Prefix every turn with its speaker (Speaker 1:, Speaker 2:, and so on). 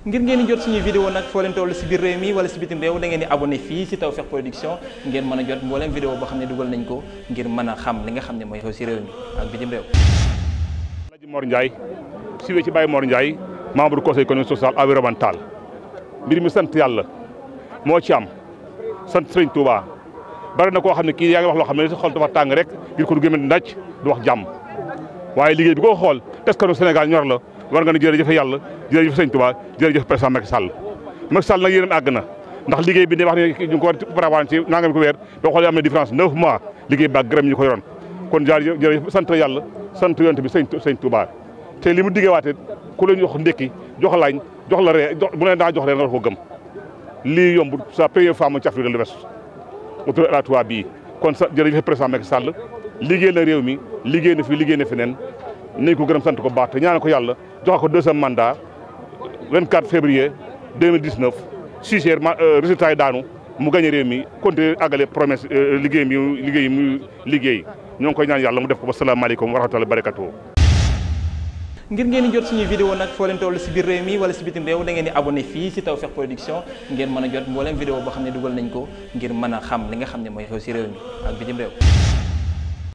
Speaker 1: ngir ngeen di jot suñuy vidéo nag foo leen toll si biir réew mi wala si bitim réew da ngeen di abonné fii si Tawfekh Production ngeen mën a jot mbooleem vidéo boo xam ne dugal nañ ko ngir mën a xam li nga xam ne mooy
Speaker 2: xew si réew mi ak bitim réew Alaaji Mor Ndiaye suivi ci Baye Mor Ndiaye membre conseil économique social environnemental mbir mi sant yàlla moo ci am sant Sëriñ Touba bari na koo xam ne kii yaa ngi wax loo xam ne sa xol dafa tàng rek ngir ko du gëmën ndaj wax jàmm waaye liggéey bi koo la war nga ne jërëjëf yàlla jërëjëf sëñ Tuubaa jërëjëf président Macky Sall Macky Sall nag yéenam àgg na ndax liggéey bi ne wax ne ñu ngi ko war ba ko weer boo am na différence neuf mois liggéey bi gërëm ñu ko yoroon kon jaar jërëjëf sant yàlla sant yonent bi li mu diggeewaate ku la jox ndékki jox laañ jox la ree bu leen daa jox ree nga war yomb sa première fois mu ci Afrique de l'Ouest kon sa jërëjëf président Macky liggéey na réew mi liggéey na fi liggéey na feneen nañ ko gërëm sant ko baax te ñaan ko yàlla jox ko deuxième mandat 24 février 2019 sujet euh, résultat yi daanu mu gagné réew mi continuer àggale promesse euh, liggéey mi liggéey mu liggéey ñoo ngi koy ñaan yàlla mu def ko ba salaamaaleykum wa rahmatulah barakatuh
Speaker 1: ngir ngeen di jot suñuy vidéo nag foo leen toll si biir réew mi wala si bitim réew da ngeen di abonné fii si Tawfekh Production ngeen mën a jot mbooleem boo xam ne dugal nañ ko ngir mën a xam li nga xam ne mooy xew si réew